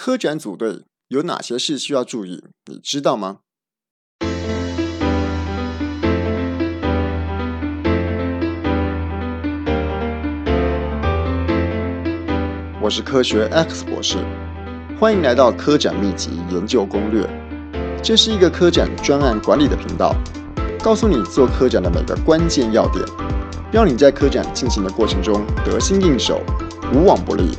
科展組隊有哪些事需要注意？你知道嗎？我是科學 X 博士，歡迎來到科展秘籍研究攻略。這是一個科展專案管理的頻道，告訴你做科展的每個關鍵要點，讓你在科展進行的過程中得心應手，無往不利。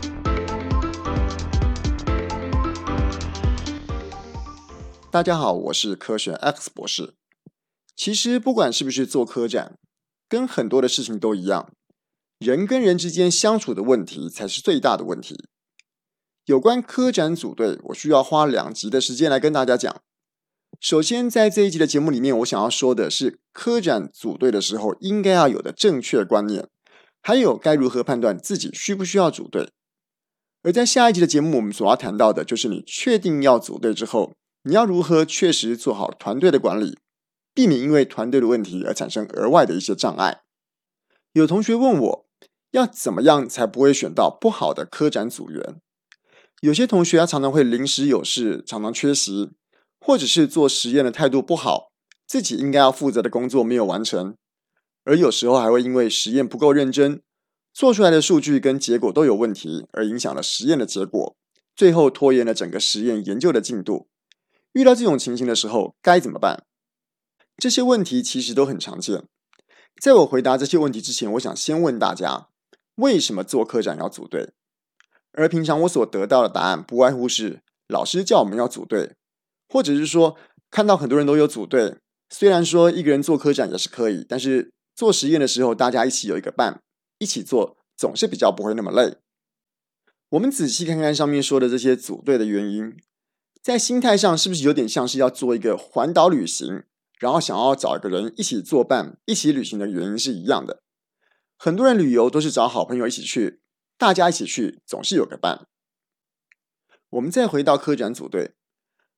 大家好，我是科學 X 博士。其實不管是不是做科展，跟很多的事情都一樣，人跟人之間相處的問題才是最大的問題。有關科展組隊，我需要花兩集的時間來跟大家講。首先，在這一集的節目裡面，我想要說的是科展組隊的時候應該要有的正確觀念，還有該如何判斷自己需不需要組隊。而在下一集的節目，我們所要談到的就是你確定要組隊之後。你要如何確實做好團隊的管理，避免因為團隊的問題而產生額外的一些障礙？有同學問我，要怎麼樣才不會選到不好的科展組員？有些同學常常會臨時有事，常常缺席，或者是做實驗的態度不好，自己應該要負責的工作沒有完成，而有時候還會因為實驗不夠認真，做出來的數據跟結果都有問題，而影響了實驗的結果，最後拖延了整個實驗研究的進度。遇到這種情形的時候該怎麼辦？這些問題其實都很常見。在我回答這些問題之前，我想先問大家：為什麼做科展要組隊？而平常我所得到的答案，不外乎是老師叫我們要組隊，或者是說看到很多人都有組隊。雖然說一個人做科展也是可以，但是做實驗的時候，大家一起有一個伴，一起做，總是比較不會那麼累。我們仔細看看上面說的這些組隊的原因。在心態上，是不是有點像是要做一個環島旅行，然後想要找一個人一起作伴、一起旅行的原因是一樣的？很多人旅遊都是找好朋友一起去，大家一起去總是有個伴。我們再回到科展組隊，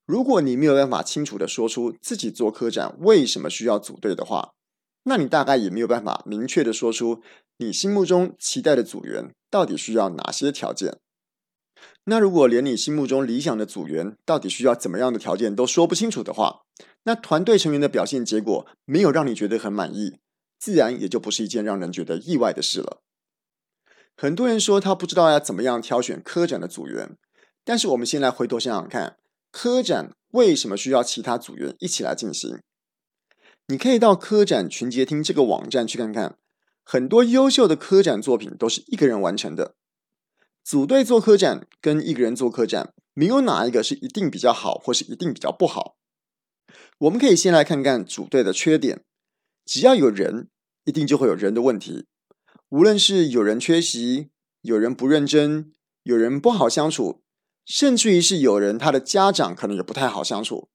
如果你沒有辦法清楚地說出自己做科展為什麼需要組隊的話，那你大概也沒有辦法明確地說出你心目中期待的組員到底需要哪些條件。那如果連你心目中理想的組員到底需要怎麼樣的條件都說不清楚的話，那團隊成員的表現結果沒有讓你覺得很滿意，自然也就不是一件讓人覺得意外的事了。很多人說他不知道要怎麼樣挑選科展的組員，但是我們先來回頭想想看，科展為什麼需要其他組員一起來進行？你可以到科展群傑廳這個網站去看看，很多優秀的科展作品都是一個人完成的。組隊做科展跟一個人做科展，沒有哪一個是一定比較好，或是一定比較不好。我們可以先來看看組隊的缺點。只要有人，一定就會有人的問題。無論是有人缺席，有人不認真，有人不好相處，甚至於是有人他的家長可能也不太好相處。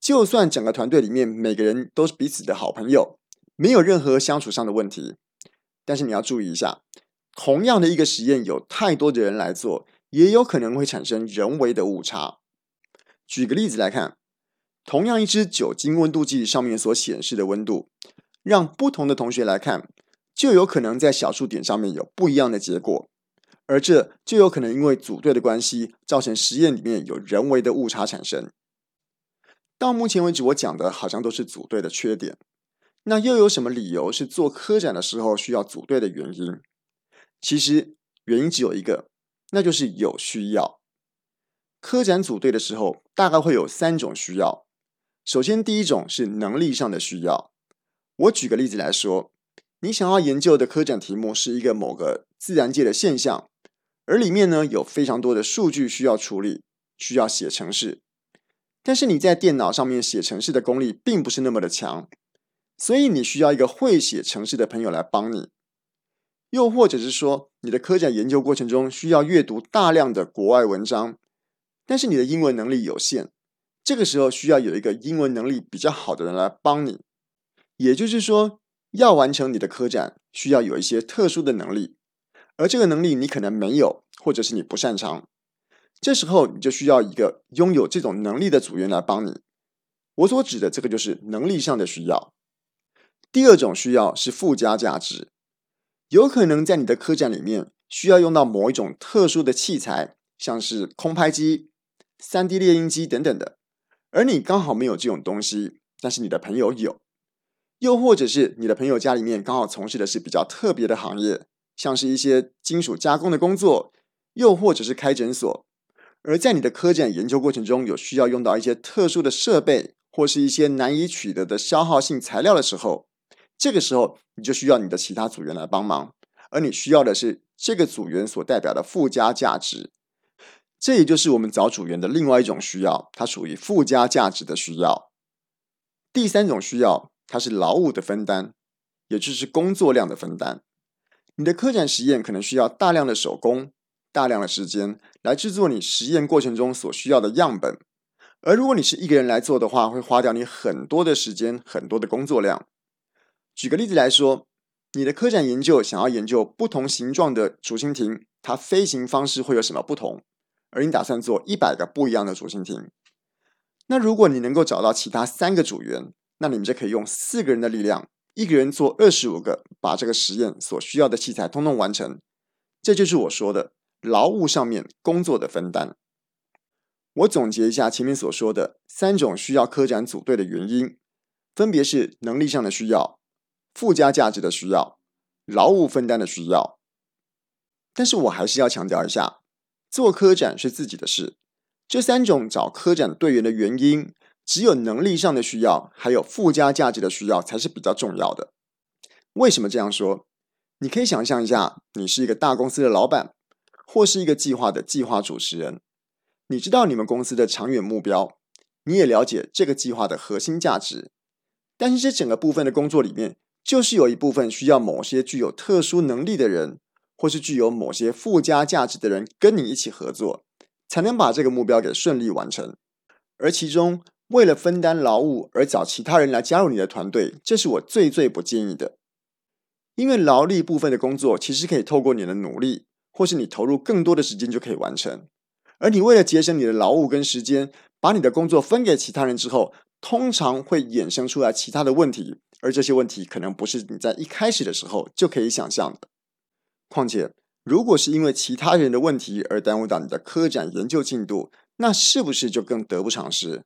就算整個團隊裡面每個人都是彼此的好朋友，沒有任何相處上的問題，但是你要注意一下。同樣的一個實驗，有太多的人來做，也有可能會產生人為的誤差。舉個例子來看，同樣一支酒精溫度計上面所顯示的溫度，讓不同的同學來看，就有可能在小數點上面有不一樣的結果，而這就有可能因為組隊的關係，造成實驗裡面有人為的誤差產生。到目前為止，我講的好像都是組隊的缺點，那又有什麼理由是做科展的時候需要組隊的原因？其實原因只有一個，那就是有需要。科展組隊的時候，大概會有三種需要。首先，第一種是能力上的需要。我舉個例子來說，你想要研究的科展題目是一個某個自然界的現象，而裡面呢，有非常多的數據需要處理，需要寫程式。但是你在電腦上面寫程式的功力並不是那麼的強，所以你需要一個會寫程式的朋友來幫你。又或者是說，你的科展研究過程中需要閱讀大量的國外文章，但是你的英文能力有限，這個時候需要有一個英文能力比較好的人來幫你。也就是說，要完成你的科展，需要有一些特殊的能力，而這個能力你可能沒有，或者是你不擅長，這時候你就需要一個擁有這種能力的組員來幫你。我所指的這個就是能力上的需要。第二種需要是附加價值。有可能在你的科展裡面需要用到某一種特殊的器材，像是空拍機、3D 列印機等等的，而你剛好沒有這種東西，但是你的朋友有，又或者是你的朋友家裡面剛好從事的是比較特別的行業，像是一些金屬加工的工作，又或者是開診所，而在你的科展研究過程中有需要用到一些特殊的設備或是一些難以取得的消耗性材料的時候。這個時候，你就需要你的其他組員來幫忙，而你需要的是這個組員所代表的附加價值。這也就是我們找組員的另外一種需要，它屬於附加價值的需要。第三種需要，它是勞務的分擔，也就是工作量的分擔。你的科展實驗可能需要大量的手工、大量的時間來製作你實驗過程中所需要的樣本，而如果你是一個人來做的話，會花掉你很多的時間、很多的工作量。舉個例子來說，你的科展研究想要研究不同形狀的竹蜻蜓，它飛行方式會有什麼不同？而你打算做一百個不一樣的竹蜻蜓。那如果你能夠找到其他三個組員，那你們就可以用四個人的力量，一個人做二十五個，把這個實驗所需要的器材通通完成。這就是我說的勞務上面工作的分擔。我總結一下前面所說的三種需要科展組隊的原因，分別是能力上的需要，附加價值的需要，勞務分擔的需要。但是我還是要強調一下，做科展是自己的事。這三種找科展隊員的原因，只有能力上的需要，還有附加價值的需要才是比較重要的。為什麼這樣說？你可以想象一下，你是一個大公司的老闆，或是一個計劃的計劃主持人。你知道你們公司的長遠目標，你也了解這個計劃的核心價值。但是這整個部分的工作裡面，就是有一部分需要某些具有特殊能力的人，或是具有某些附加價值的人跟你一起合作，才能把這個目標給順利完成。而其中，為了分擔勞務而找其他人來加入你的團隊，這是我最最不建議的。因為勞力部分的工作其實可以透過你的努力，或是你投入更多的時間就可以完成。而你為了節省你的勞務跟時間，把你的工作分給其他人之後，通常會衍生出來其他的問題。而這些問題可能不是你在一開始的時候就可以想象的。況且，如果是因為其他人的問題而耽誤到你的科展研究進度，那是不是就更得不償失？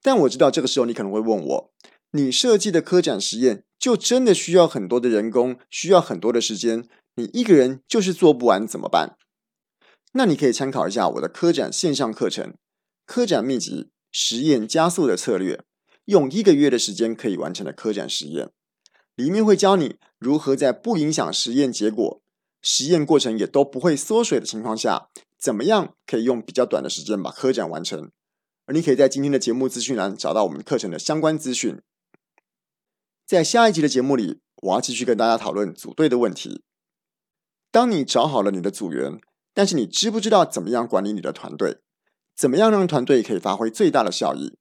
但我知道這個時候你可能會問我，你設計的科展實驗就真的需要很多的人工，需要很多的時間，你一個人就是做不完怎麼辦？那你可以參考一下我的科展線上課程《科展秘笈：實驗加速的策略》。用一個月的時間可以完成的科展實驗，裡面會教你如何在不影響實驗結果、實驗過程也都不會縮水的情況下，怎麼樣可以用比較短的時間把科展完成。而你可以在今天的節目資訊欄找到我們課程的相關資訊。在下一集的節目裡，我要繼續跟大家討論組隊的問題。當你找好了你的組員，但是你知不知道怎麼樣管理你的團隊？怎麼樣讓團隊可以發揮最大的效益？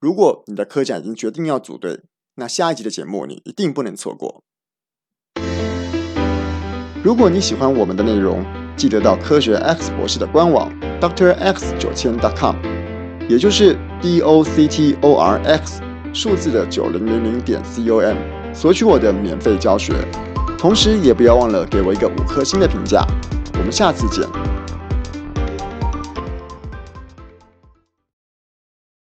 如果你的科展已經決定要組隊，那下一集的節目你一定不能錯過。如果你喜歡我們的內容，記得到科學 X 博士的官網 doctorx 九千 .com，也就是 d o c t o r x 數字的九零零零點 c o m，索取我的免費教學。同時也不要忘了給我一個五顆星的評價。我們下次見。